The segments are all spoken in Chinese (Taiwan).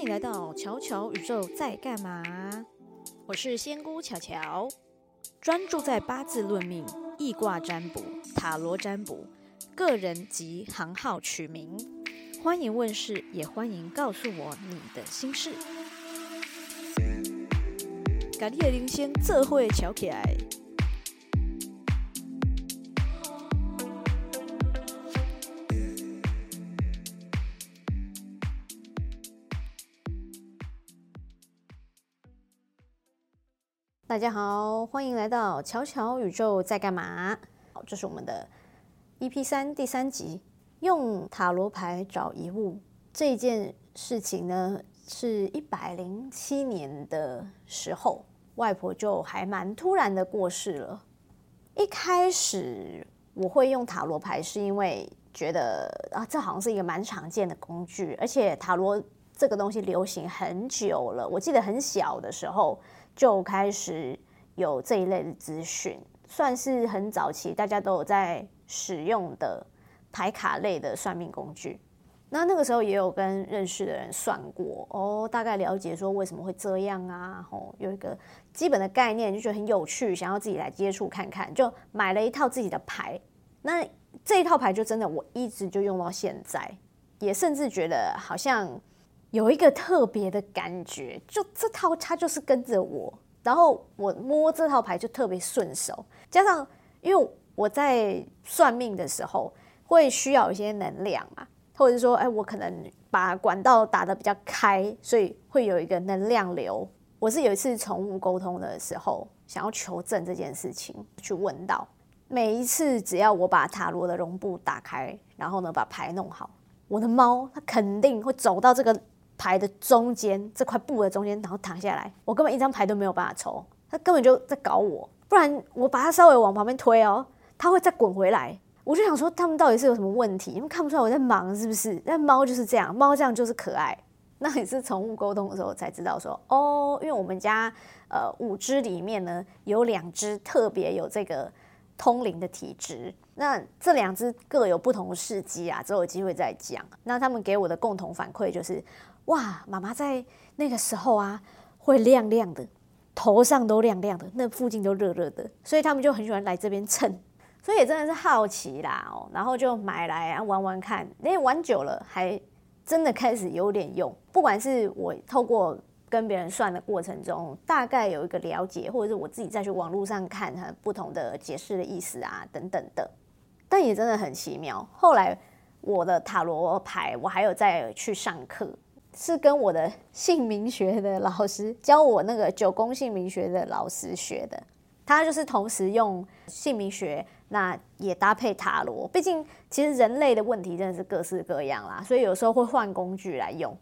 歡迎來到巧巧宇宙在干嘛？我是仙姑巧巧，專注在八字論命、易卦占卜、塔羅占卜、個人及行號取名。歡迎問事，也歡迎告訴我你的心事。感謝您先這會敲起來大家好，歡迎來到《瞧瞧宇宙在幹嘛》。好，這是我們的 EP 三第三集，用塔羅牌找遺物這件事情呢，是一百零七年的時候，外婆就還蠻突然的過世了。一開始我會用塔羅牌，是因為覺得啊，這好像是一個蠻常見的工具，而且塔羅這個東西流行很久了。我記得很小的時候。就開始有這一類的資訊，算是很早期，大家都有在使用的牌卡類的算命工具。那那個時候也有跟認識的人算過哦，大概了解說為什麼會這樣啊，哦，有一個基本的概念，就覺得很有趣，想要自己來接觸看看，就買了一套自己的牌。那這一套牌就真的我一直就用到現在，也甚至覺得好像。有一個特別的感覺，就這套它就是跟着我，然後我摸這套牌就特別順手。加上因為我在算命的時候會需要一些能量嘛，或者說哎，我可能把管道打得比較開，所以會有一個能量流。我是有一次寵物溝通的時候想要求證這件事情，去問到每一次只要我把塔羅的絨布打開，然後呢把牌弄好，我的貓它肯定會走到這個。牌的中間這塊布的中間，然後躺下來，我根本一張牌都沒有辦法抽，他根本就在搞我，不然我把它稍微往旁邊推哦，它會再滾回來。我就想說，他們到底是有什麼問題？因為看不出來我在忙，是不是？那貓就是這樣，貓這樣就是可愛，那也是寵物溝通的時候才知道說哦，因為我們家呃五只裡面呢，有兩只特別有這個。通靈的體質，那這兩隻各有不同的事蹟啊，之後有機會再講。那他們給我的共同反饋就是，哇，媽媽在那個時候啊，會亮亮的，頭上都亮亮的，那附近都熱熱的，所以他們就很喜歡來這邊蹭。所以也真的是好奇啦哦，然後就買來啊玩玩看，那玩久了還真的開始有點用，不管是我透過。跟別人算的過程中，大概有一個了解，或者是我自己再去網絡上看不同的解釋的意思啊，等等的。但也真的很奇妙。後來我的塔羅牌，我還有再去上課，是跟我的姓名學的老師教我那個九宮姓名學的老師學的。他就是同時用姓名學，那也搭配塔羅。畢竟其實人類的問題真的是各式各樣啦，所以有時候會換工具來用。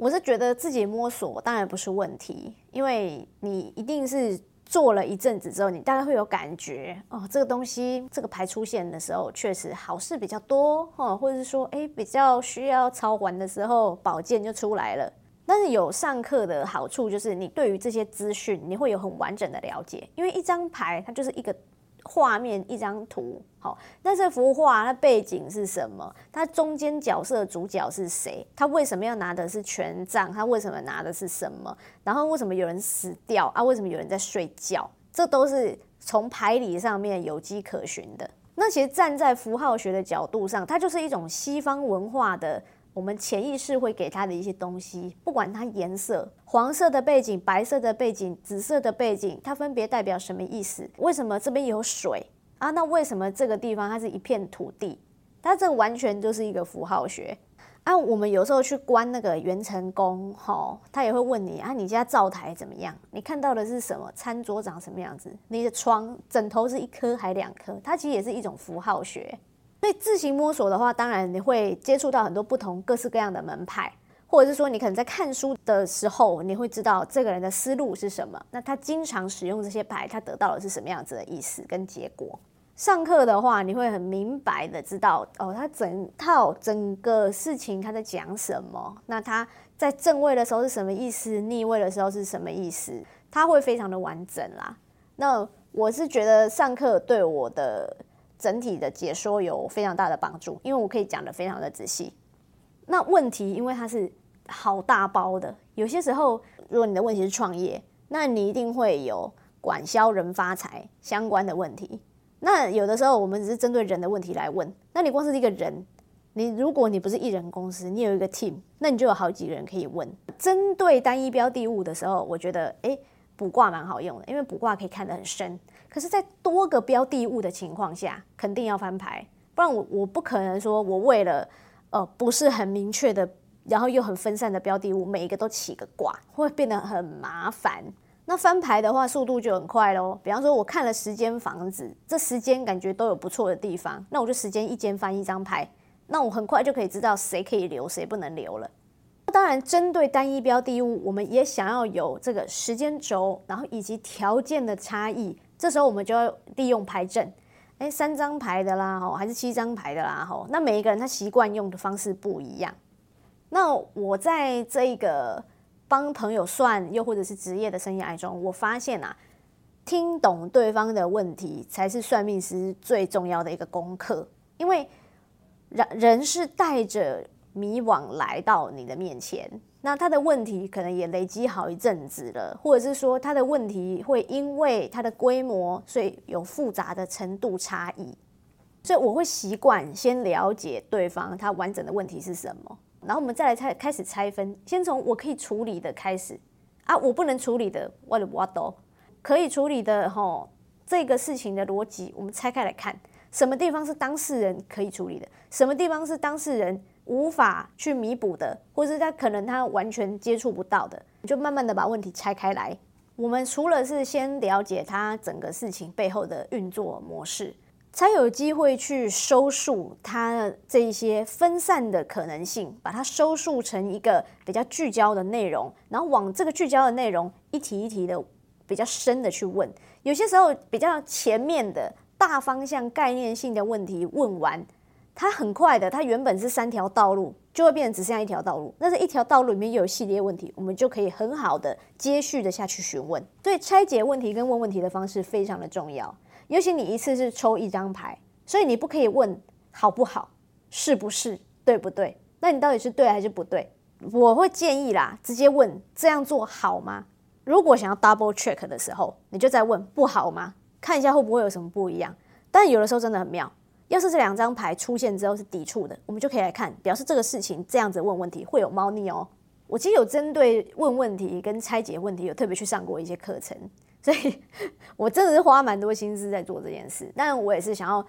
我是覺得自己摸索當然不是問題，因為你一定是做了一陣子之後，你大概會有感覺哦，這個東西這個牌出現的時候，確實好事比較多哦，或者是說誒比較需要操煩的時候，寶劍就出來了。但是有上課的好處就是你對於這些資訊你會有很完整的了解，因為一張牌它就是一個。畫面一張圖，好，那這幅畫它背景是什麼？它中間角色主角是誰？他為什麼要拿的是權杖？他為什麼拿的是什麼？然後為什麼有人死掉啊？為什麼有人在睡覺？這都是從牌理上面有機可循的。那其實站在符號學的角度上，它就是一種西方文化的。我們潛意識會給他的一些東西，不管它顏色，黃色的背景、白色的背景、紫色的背景，它分別代表什麼意思？為什麼這邊有水啊？那為什麼這個地方它是一片土地？它這完全就是一個符號學。啊，我們有時候去觀那個元辰宮，哈、哦，他也會問你啊，你家灶台怎麼樣？你看到的是什麼？餐桌長什麼樣子？你的床枕頭是一顆還兩顆？它其實也是一種符號學。所以自行摸索的話，當然你會接觸到很多不同、各式各樣的門派，或者是說你可能在看書的時候，你會知道這個人的思路是什麼。那他經常使用這些牌，他得到的是什麼樣子的意思跟結果。上課的話，你會很明白的知道哦，他整套、整個事情他在講什麼。那他在正位的時候是什麼意思？逆位的時候是什麼意思？他會非常的完整啦。那我是覺得上課對我的。整體的解說有非常大的幫助，因為我可以講得非常的仔細。那問題，因為它是好大包的。有些時候如果你的問題是創業，那你一定會有管銷人發財相關的問題。那有的時候我們只是針對人的問題來問，那你光是一個人，你如果你不是一人公司，你有一個 team，那你就有好幾個人可以問。針對單一標的物的時候，我覺得誒，卜卦蠻好用的，因為卜卦可以看得很深。可是，在多個標的物的情況下，肯定要翻牌，不然我我不可能說我為了呃不是很明確的，然後又很分散的標的物，每一個都起個卦，會變得很麻煩。那翻牌的話，速度就很快嘍。比方說，我看了十間房子，這十間感覺都有不錯的地方，那我就時間一間翻一張牌，那我很快就可以知道誰可以留，誰不能留了。那當然，針對單一標的物，我們也想要有這個時間軸，然後以及條件的差異。這時候我們就要利用牌陣哎，三張牌的啦，吼，還是七張牌的啦，吼。那每一個人他習慣用的方式不一樣。那我在這一個幫朋友算，又或者是職業的生涯中，我發現啊，聽懂對方的問題才是算命師最重要的一個功課，因為人人是帶着迷惘來到你的面前。那他的問題可能也累積好一陣子了，或者是說他的問題會因為他的規模，所以有複雜的程度差異，所以我會習慣先了解對方他完整的問題是什麼，然後我們再來拆開始拆分，先從我可以處理的開始，啊，我不能處理的，我的我都可以處理的吼，這個事情的邏輯我們拆開來看，什麼地方是當事人可以處理的，什麼地方是當事人。無法去彌補的，或者是他可能他完全接觸不到的，你就慢慢的把問題拆開來。我們除了是先了解他整個事情背後的運作模式，才有機會去收束他這些分散的可能性，把它收束成一個比較聚焦的內容，然後往這個聚焦的內容一題一題的比較深的去問。有些時候比較前面的大方向概念性的問題問完，它很快的，它原本是三條道路，就會變成只剩下一條道路。那這一條道路裡面又有系列問題，我們就可以很好的接續的下去詢問。所以拆解問題跟問問題的方式非常的重要。尤其你一次是抽一張牌，所以你不可以問好不好，是不是，對不對？那你到底是對還是不對？我會建議啦，直接問這樣做好嗎？如果想要 double check 的時候，你就再問不好嗎？看一下會不會有什麼不一樣。但有的時候真的很妙。要是這兩張牌出現之後是抵觸的，我們就可以來看，表示這個事情這樣子問問題會有貓膩哦。我其實有針對問問題跟拆解問題，有特別去上過一些課程，所以我真的是花蠻多心思在做這件事。但我也是想要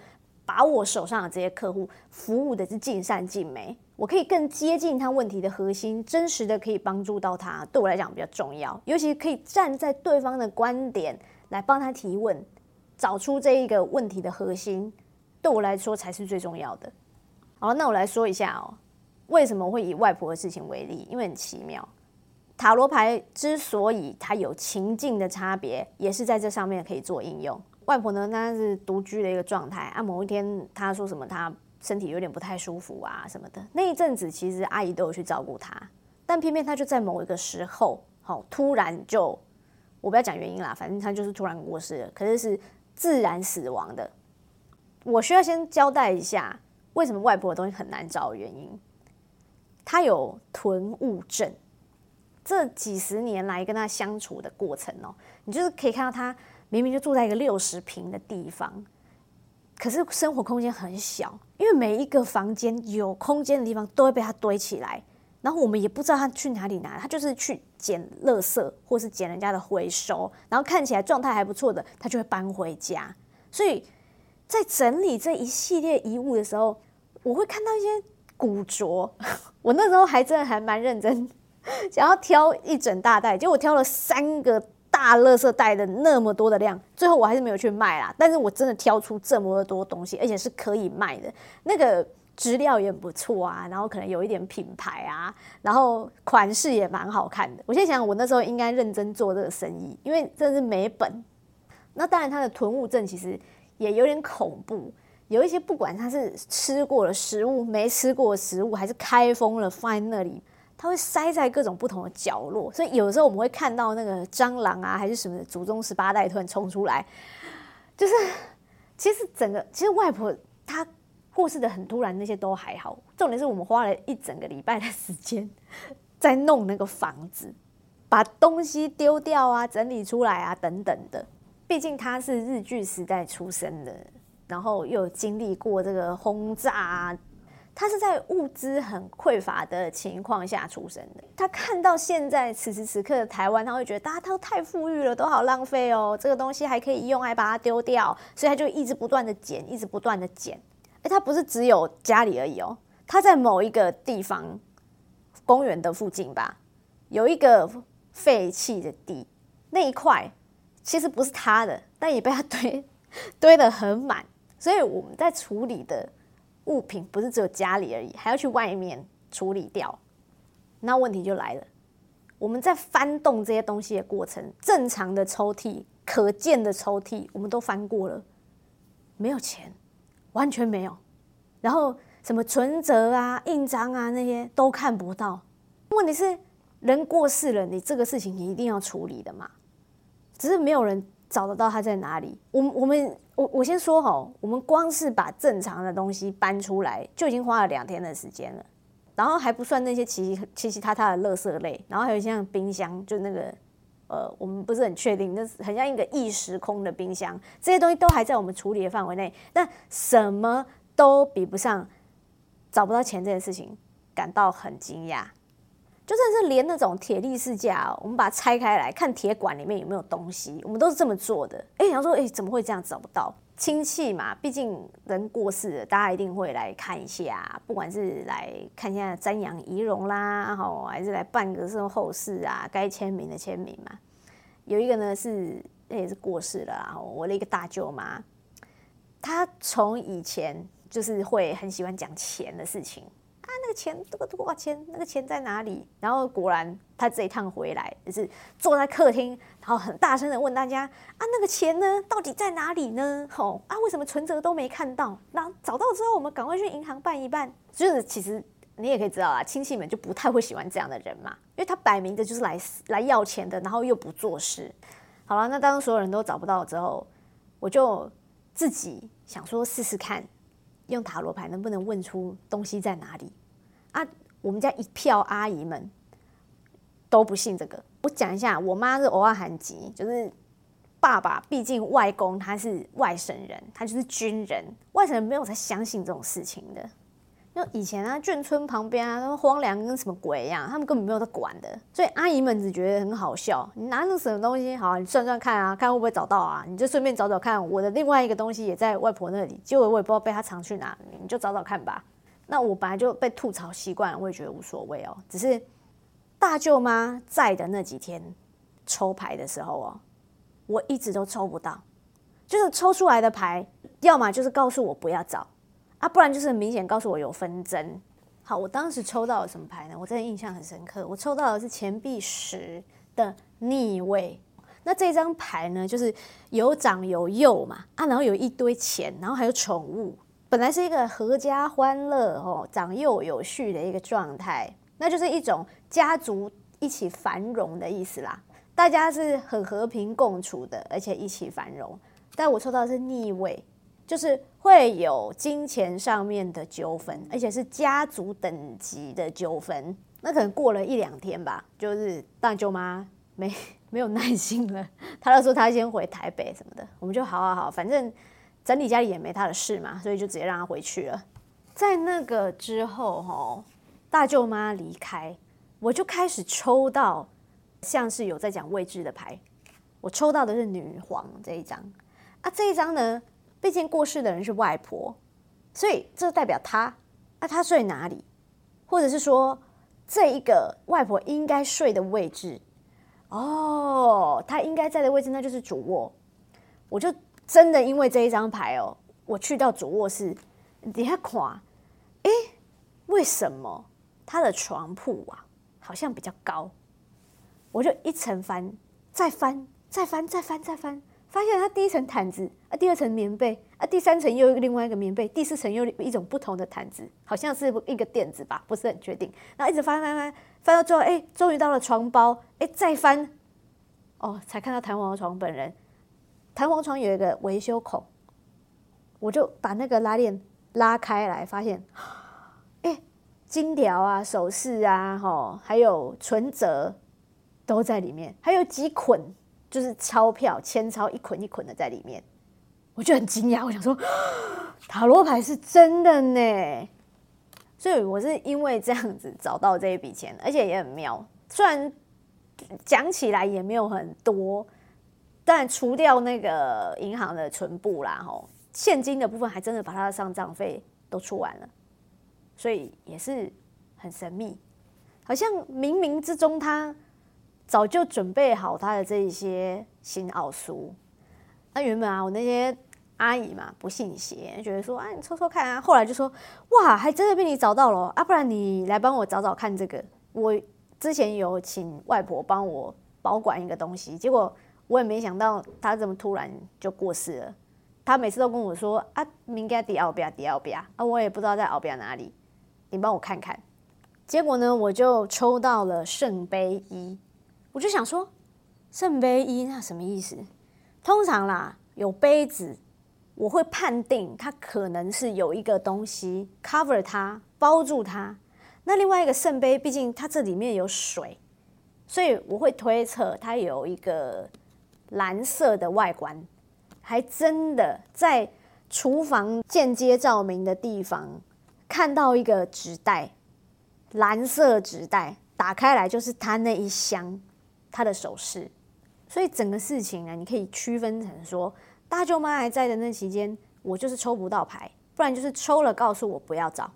把我手上的這些客戶服務的是盡善盡美，我可以更接近他問題的核心，真實的可以幫助到他，對我來講比較重要。尤其可以站在對方的觀點來幫他提問，找出這一個問題的核心。對我來說才是最重要的。好，那我來說一下哦，為什麼會以外婆的事情為例？因為很奇妙，塔羅牌之所以它有情境的差別，也是在這上面可以做應用。外婆呢，她是獨居的一個狀態啊。某一天她說什麼，她身體有點不太舒服啊什麼的。那一陣子其實阿姨都有去照顧她，但偏偏她就在某一個時候，好、哦、突然就，我不要講原因啦，反正她就是突然過世了，可是是自然死亡的。我需要先交代一下，為什麼外婆的東西很難找的原因。她有囤物症，這幾十年來跟她相處的過程哦、喔，你就是可以看到她明明就住在一個六十坪的地方，可是生活空間很小，因為每一個房間有空間的地方都會被她堆起來。然後我們也不知道她去哪裡拿，她就是去撿垃圾或是撿人家的回收，然後看起來狀態還不錯的，她就會搬回家。所以。在整理這一系列遺物的時候，我會看到一些古著。我那時候還真的還蠻認真，想要挑一整大袋，結果我挑了三個大垃圾袋的那麼多的量，最後我還是沒有去賣啦。但是我真的挑出這麼多東西，而且是可以賣的，那個質料也不錯啊，然後可能有一點品牌啊，然後款式也蠻好看的。我現在想想，我那時候應該認真做這個生意，因為真是沒本。那當然，他的囤物症其實。也有點恐怖，有一些不管他是吃過了食物，沒吃過食物，還是開封了放在那裡，他會塞在各種不同的角落。所以有時候我們會看到那個蟑螂啊，還是什麼祖宗十八代突然衝出來，就是其實整個其實外婆她過世的很突然，那些都還好。重點是我們花了一整個禮拜的時間在弄那個房子，把東西丟掉啊，整理出來啊等等的。畢竟他是日據時代出生的，然後又經歷過這個轟炸、啊，他是在物資很匱乏的情況下出生的。他看到現在此時此刻的台灣，他會覺得大家都太富裕了，都好浪費哦，這個東西還可以用，還把它丟掉，所以他就一直不斷的撿，一直不斷的撿。哎，他不是只有家裡而已哦，他在某一個地方，公園的附近吧，有一個廢棄的地，那一塊。其實不是他的，但也被他堆堆得很滿，所以我們在處理的物品不是只有家裡而已，還要去外面處理掉。那問題就來了，我們在翻動這些東西的過程，正常的抽屜、可見的抽屜，我們都翻過了，沒有錢，完全沒有。然後什麼存折啊、印章啊那些都看不到。問題是，人過世了，你這個事情你一定要處理的嘛。只是沒有人找得到它在哪裡。我們我們我我先說好，我們光是把正常的東西搬出來，就已經花了兩天的時間了，然後還不算那些其其其他他的垃圾類，然後還有像冰箱，就那個呃，我們不是很確定，那是很像一個異時空的冰箱，這些東西都還在我們處理的範圍內。那什麼都比不上找不到錢這件事情，感到很驚訝。就算是連那種鐵力士架，我們把它拆開來看鐵管裡面有沒有東西，我們都是這麼做的。哎、欸，想說，哎、欸，怎麼會這樣找不到？親戚嘛，畢竟人過世了，大家一定會來看一下，不管是來看一下瞻仰遺容啦，然後還是來辦個什麼後事啊，該簽名的簽名嘛。有一個呢是，也、欸、是過世了，然後我的一個大舅媽，她從以前就是會很喜歡講錢的事情。啊，那個錢，這個多，多啊錢，那個錢在哪裡？然後果然，他這一趟回來，就是坐在客廳，然後很大聲的問大家：啊，那個錢呢？到底在哪裡呢？哦，啊，為什麼存折都沒看到？那找到之後，我們趕快去銀行辦一辦。就是其實你也可以知道啊，親戚們就不太會喜歡這樣的人嘛，因為他擺明的就是來來要錢的，然後又不做事。好了，那當所有人都找不到之後，我就自己想說試試看，用塔羅牌能不能問出東西在哪裡。啊，我們家一票阿姨們都不信這個。我講一下，我媽是偶爾很急，就是爸爸，畢竟外公他是外省人，他就是軍人，外省人沒有在相信這種事情的。就以前啊，眷村旁邊啊，都荒涼跟什麼鬼一樣，他們根本沒有在管的，所以阿姨們只覺得很好笑。你拿那什麼東西好啊，你算算看啊，看會不會找到啊？你就順便找找看，我的另外一個東西也在外婆那裡，結果我也不知道被他藏去哪裡，你就找找看吧。那我本來就被吐槽習慣了，我也覺得無所謂哦。只是大舅媽在的那幾天抽牌的時候哦，我一直都抽不到，就是抽出來的牌，要麼就是告訴我不要找啊，不然就是很明顯告訴我有紛爭。好，我當時抽到了什麼牌呢？我真的印象很深刻，我抽到的是錢幣十的逆位。那這張牌呢，就是有長有幼嘛，啊，然後有一堆錢，然後還有寵物。本來是一個闔家歡樂，哦長幼有序的一個狀態，那就是一種家族一起繁榮的意思啦。大家是很和平共處的，而且一起繁榮。但我抽到的是逆位，就是會有金錢上面的糾紛，而且是家族等級的糾紛。那可能過了一兩天吧，就是大舅媽沒沒有耐心了，她就說她先回台北什麼的。我們就好好好，反正。整理家裡也沒他的事嘛，所以就直接讓他回去了。在那個之後，哦，大舅媽離開，我就開始抽到像是有在講位置的牌。我抽到的是女皇這一張，啊，這一張呢，畢竟過世的人是外婆，所以這代表她，啊，她睡哪裡，或者是說這一個外婆應該睡的位置，哦，她應該在的位置，那就是主臥，我就。真的因為這一張牌哦，我去到主臥室，你看，誒，為什麼他的床鋪啊好像比較高？我就一層翻，再翻，再翻，再翻，再翻，發現他第一層毯子，啊，第二層棉被，啊，第三層又另外一個棉被，第四層又一種不同的毯子，好像是一個墊子吧，不是很確定。然後一直翻翻翻，翻到最後，誒，終於到了床包，誒，再翻，哦，才看到彈簧床本人。彈簧床有一個維修孔，我就把那個拉鏈拉開來，發現，哎，金條啊、首飾啊、吼，還有存摺都在裡面，還有幾捆就是鈔票，千鈔一捆一捆的在裡面，我就很驚訝，我想說，塔羅牌是真的呢，所以我是因為這樣子找到這一筆錢，而且也很妙，雖然講起來也沒有很多。但除掉那個銀行的存簿啦，吼，現金的部分還真的把他的喪葬費都出完了，所以也是很神秘，好像冥冥之中他早就準備好他的這一些新奧書。那原本啊，我那些阿姨嘛不信邪，就覺得說啊，你抽抽看啊。後來就說哇，還真的被你找到了啊，不然你來幫我找找看這個。我之前有請外婆幫我保管一個東西，結果。我也沒想到他這麼突然就過世了。他每次都跟我說啊，明該迪奧比亞，迪奧比亞啊，我也不知道在奧比亞哪裡，你幫我看看。結果呢，我就抽到了聖杯一，我就想說，聖杯一那什麼意思？通常啦，有杯子，我會判定它可能是有一個東西 cover 它，包住它。那另外一個聖杯，畢竟它這裡面有水，所以我會推測它有一個。藍色的外觀，還真的在廚房間接照明的地方看到一個紙袋，藍色紙袋打開來就是他那一箱他的首飾。所以整個事情呢，你可以區分成說，大舅媽還在的那期間，我就是抽不到牌，不然就是抽了告訴我不要找。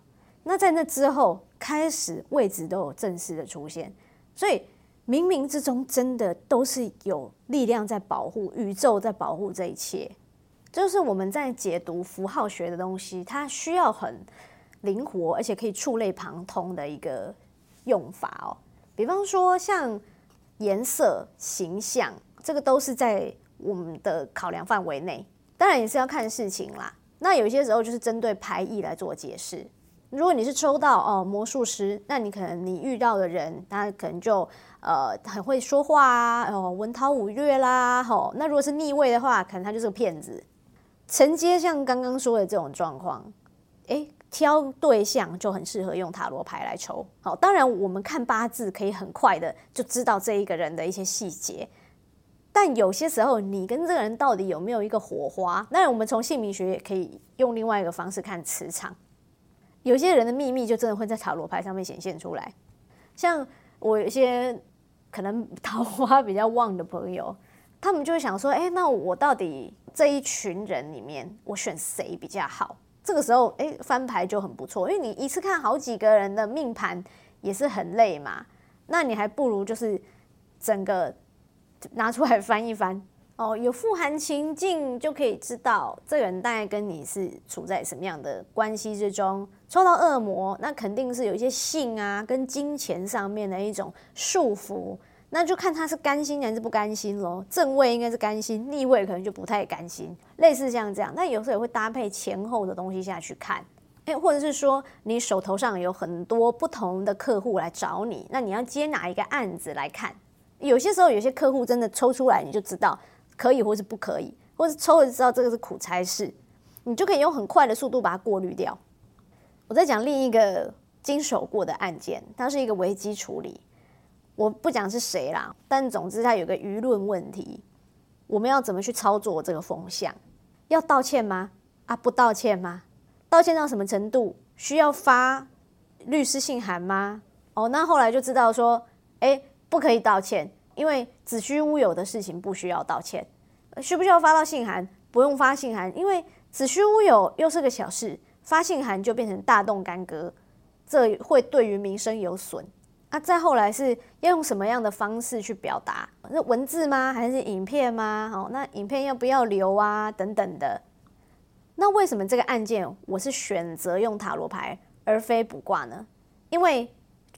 那在那之後開始位置都有正式的出現，所以。冥冥之中，真的都是有力量在保護，宇宙在保護這一切。就是我們在解讀符號學的東西，它需要很靈活，而且可以觸類旁通的一個用法哦。比方說像顏色、形象，這個都是在我們的考量範圍內。當然也是要看事情啦。那有些時候就是針對牌義來做解釋。如果你是抽到哦魔術師，那你可能你遇到的人，他可能就呃很會說話啊，哦文韜武略啦吼、哦。那如果是逆位的話，可能他就是個騙子。承接像剛剛說的這種狀況，誒，挑對象就很適合用塔羅牌來抽。好、哦，當然我們看八字可以很快的就知道這一個人的一些細節，但有些時候你跟這個人到底有沒有一個火花？那我們從姓名學也可以用另外一個方式看磁場。有些人的秘密就真的會在塔羅牌上面顯現出來，像我有些可能桃花比較旺的朋友，他們就會想說：哎，那我到底這一群人裡面，我選誰比較好？這個時候，哎，翻牌就很不錯，因為你一次看好幾個人的命盤也是很累嘛，那你還不如就是整個拿出來翻一翻。哦，有富含情境就可以知道這個人大概跟你是處在什麼樣的關係之中。抽到惡魔，那肯定是有一些性啊跟金錢上面的一種束縛，那就看他是甘心還是不甘心咯？正位應該是甘心，逆位可能就不太甘心。類似像這樣，那有時候也會搭配前後的東西下去看，哎，或者是說你手頭上有很多不同的客戶來找你，那你要接哪一個案子來看？有些時候有些客戶真的抽出來，你就知道。可以，或是不可以，或是抽了知道這個是苦差事，你就可以用很快的速度把它過濾掉。我在講另一個經手過的案件，它是一個危機處理，我不講是誰啦，但總之它有個輿論問題，我們要怎麼去操作這個風向？要道歉嗎？啊，不道歉嗎？道歉到什麼程度？需要發律師信函嗎？哦，那後來就知道說，哎、欸，不可以道歉。因為子虛烏有的事情不需要道歉，需不需要發到信函？不用發信函，因為子虛烏有又是個小事，發信函就變成大動干戈，這會對於名聲有損。啊，再後來是要用什麼樣的方式去表達？那文字嗎？還是影片嗎？好，那影片要不要留啊？等等的。那為什麼這個案件我是選擇用塔羅牌而非卜卦呢？因為。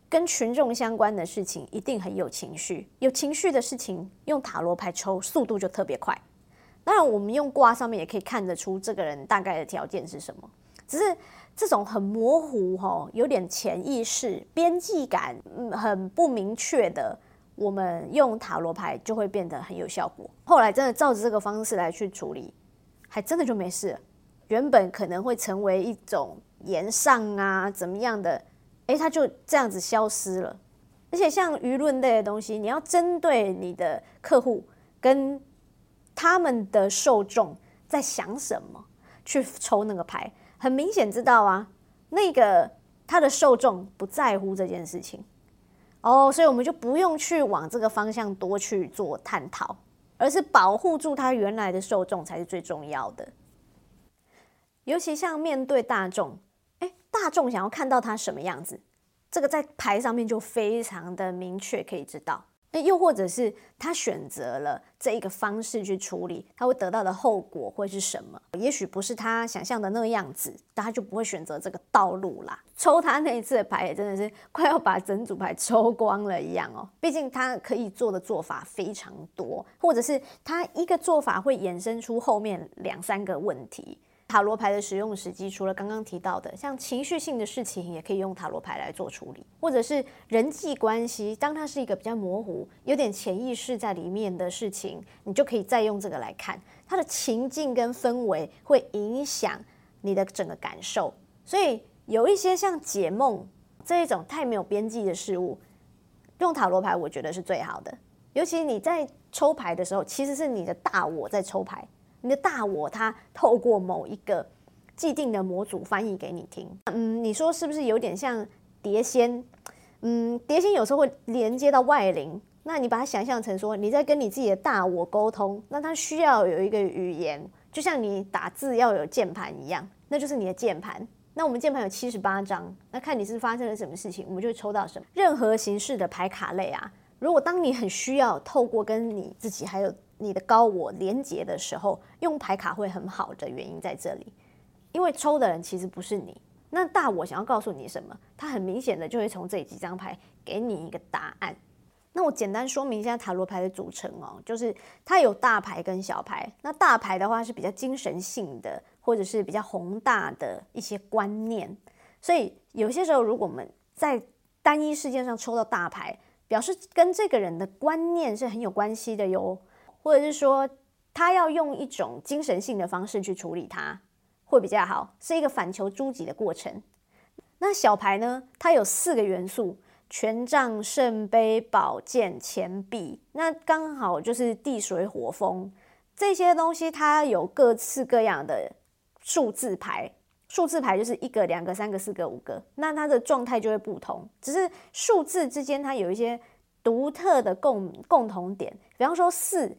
跟群眾相關的事情一定很有情緒，有情緒的事情用塔羅牌抽速度就特別快。當然，我們用卦上面也可以看得出這個人大概的條件是什麼。只是這種很模糊，哦，有點潛意識、邊際感、很不明確的，我們用塔羅牌就會變得很有效果。後來真的照着這個方式來去處理，還真的就沒事。原本可能會成為一種炎上啊，怎麼樣的。誒、欸，他就這樣子消失了，而且像輿論類的東西，你要針對你的客戶跟他們的受眾在想什麼去抽那個牌，很明顯知道啊，那個他的受眾不在乎這件事情哦，oh, 所以我們就不用去往這個方向多去做探討，而是保護住他原來的受眾才是最重要的，尤其像面對大眾。大眾想要看到他什麼樣子，這個在牌上面就非常的明確，可以知道。那、欸、又或者是他選擇了這一個方式去處理，他會得到的後果會是什麼？也許不是他想象的那個樣子，那他就不會選擇這個道路啦。抽他那一次的牌也真的是快要把整組牌抽光了一樣哦。畢竟他可以做的做法非常多，或者是他一個做法會衍生出後面兩三個問題。塔羅牌的使用時機，除了剛剛提到的像情緒性的事情，也可以用塔羅牌來做處理，或者是人際關係，當它是一個比較模糊、有點潛意識在裡面的事情，你就可以再用這個來看。它的情境跟氛圍會影響你的整個感受，所以有一些像解夢這一種太沒有邊際的事物，用塔羅牌我覺得是最好的。尤其你在抽牌的時候，其實是你的大我在抽牌。你的大我，它透過某一個既定的模組翻譯給你聽，嗯，你說是不是有點像碟仙？嗯，碟仙有時候會連接到外靈，那你把它想象成說你在跟你自己的大我溝通，那它需要有一個語言，就像你打字要有鍵盤一樣，那就是你的鍵盤。那我們鍵盤有七十八張，那看你是發生了什麼事情，我們就會抽到什麼。任何形式的牌卡類啊，如果當你很需要透過跟你自己還有你的高我連接的時候用牌卡會很好的原因在這裡，因為抽的人其實不是你。那大我想要告訴你什麼？它很明顯的就會從這幾張牌給你一個答案。那我簡單說明一下塔羅牌的組成哦，就是它有大牌跟小牌。那大牌的話是比較精神性的，或者是比較宏大的一些觀念。所以有些時候，如果我們在單一事件上抽到大牌，表示跟這個人的觀念是很有關係的喲。或者是說，他要用一種精神性的方式去處理它，他會比較好，是一個反求諸己的過程。那小牌呢？它有四個元素：權杖、聖杯、寶劍、錢幣。那剛好就是地、水、火、風這些東西，它有各式各樣的數字牌。數字牌就是一個、兩個、三個、四個、五個，那它的狀態就會不同。只是數字之間，它有一些獨特的共共同點，比方說四。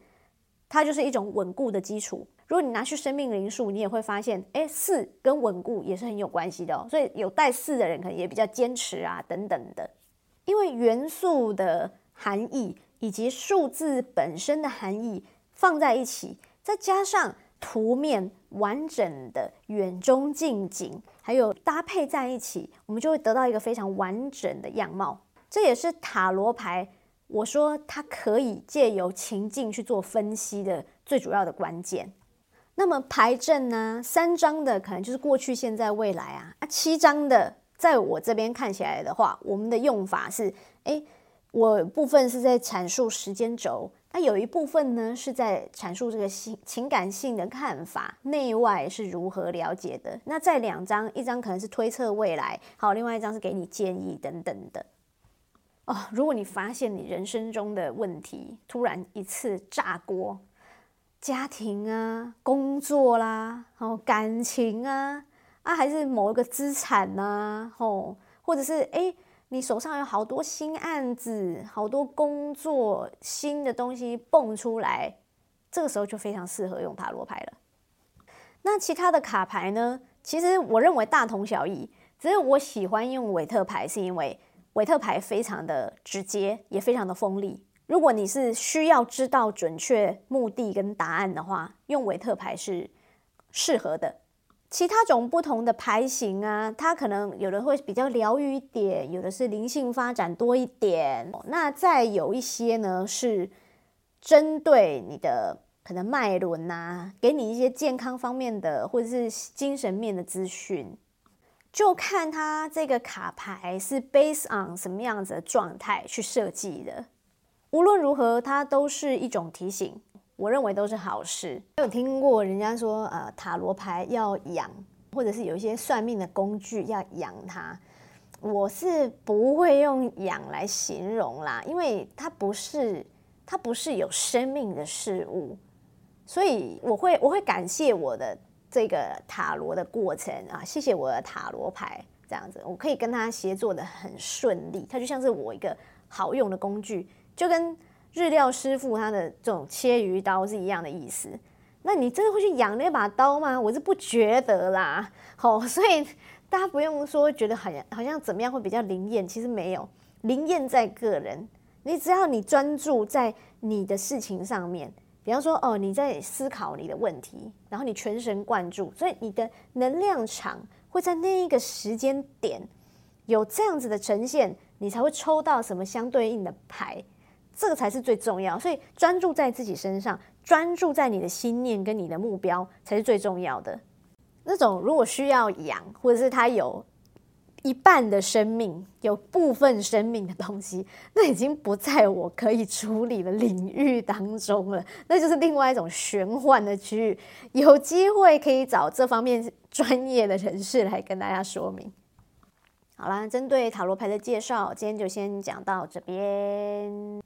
它就是一種穩固的基礎。如果你拿去生命靈數，你也會發現，哎，四跟穩固也是很有關係的哦。所以有帶四的人，可能也比較堅持啊，等等的。因為元素的含義以及數字本身的含義放在一起，再加上圖面完整的遠中近景，還有搭配在一起，我們就會得到一個非常完整的樣貌。這也是塔羅牌，我說，它可以借由情境去做分析的最主要的關鍵。那麼牌陣呢？三張的可能就是過去、現在、未來啊。啊，七張的，在我這邊看起來的話，我們的用法是：哎，我部分是在闡述時間軸、啊，那有一部分呢是在闡述這個性情感性的看法，內外是如何了解的。那在兩張，一張可能是推測未來，好，另外一張是給你建議等等的。哦，如果你發現你人生中的問題突然一次炸鍋，家庭啊、工作啦、哦、感情啊、啊，還是某一個資產啊，哦、或者是誒你手上有好多新案子、好多工作、新的東西蹦出來，這個時候就非常適合用塔羅牌了。那其他的卡牌呢？其實我認為大同小異，只是我喜歡用韋特牌，是因為。韋特牌非常的直接，也非常的鋒利。如果你是需要知道準確目的跟答案的話，用韋特牌是適合的。其他種不同的牌型啊，它可能有的會比較療癒一點，有的是靈性發展多一點。那再有一些呢，是針對你的可能脈輪啊，給你一些健康方面的或者是精神面的資訊。就看他這個卡牌是 based on 什麼樣子的狀態去設計的。無論如何，它都是一種提醒，我認為都是好事。有聽過人家說，呃，塔羅牌要養，或者是有一些算命的工具要養它，我是不會用養來形容啦，因為它不是，它不是有生命的事物，所以我會，我會感謝我的。這個塔羅的過程啊，謝謝我的塔羅牌，這樣子我可以跟他協作得很順利，他就像是我一個好用的工具，就跟日料師傅他的這種切魚刀是一樣的意思。那你真的會去養那把刀嗎？我是不覺得啦。好，所以大家不用說覺得好像好像怎麼樣會比較靈驗，其實沒有靈驗在個人，你只要你專注在你的事情上面，比方說，哦，你在思考你的問題，然後你全神貫注，所以你的能量場會在那一個時間點有這樣子的呈現，你才會抽到什麼相對應的牌，這個才是最重要。所以專注在自己身上，專注在你的心念跟你的目標才是最重要的。那種如果需要養，或者是他有。一半的生命有部分生命的東西，那已經不在我可以處理的領域當中了，那就是另外一種玄幻的區域。有機會可以找這方面專業的人士來跟大家說明。好啦，針對塔羅牌的介紹，今天就先講到這邊。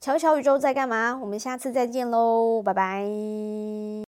瞧一瞧宇宙在幹嘛？我們下次再見嘍，拜拜。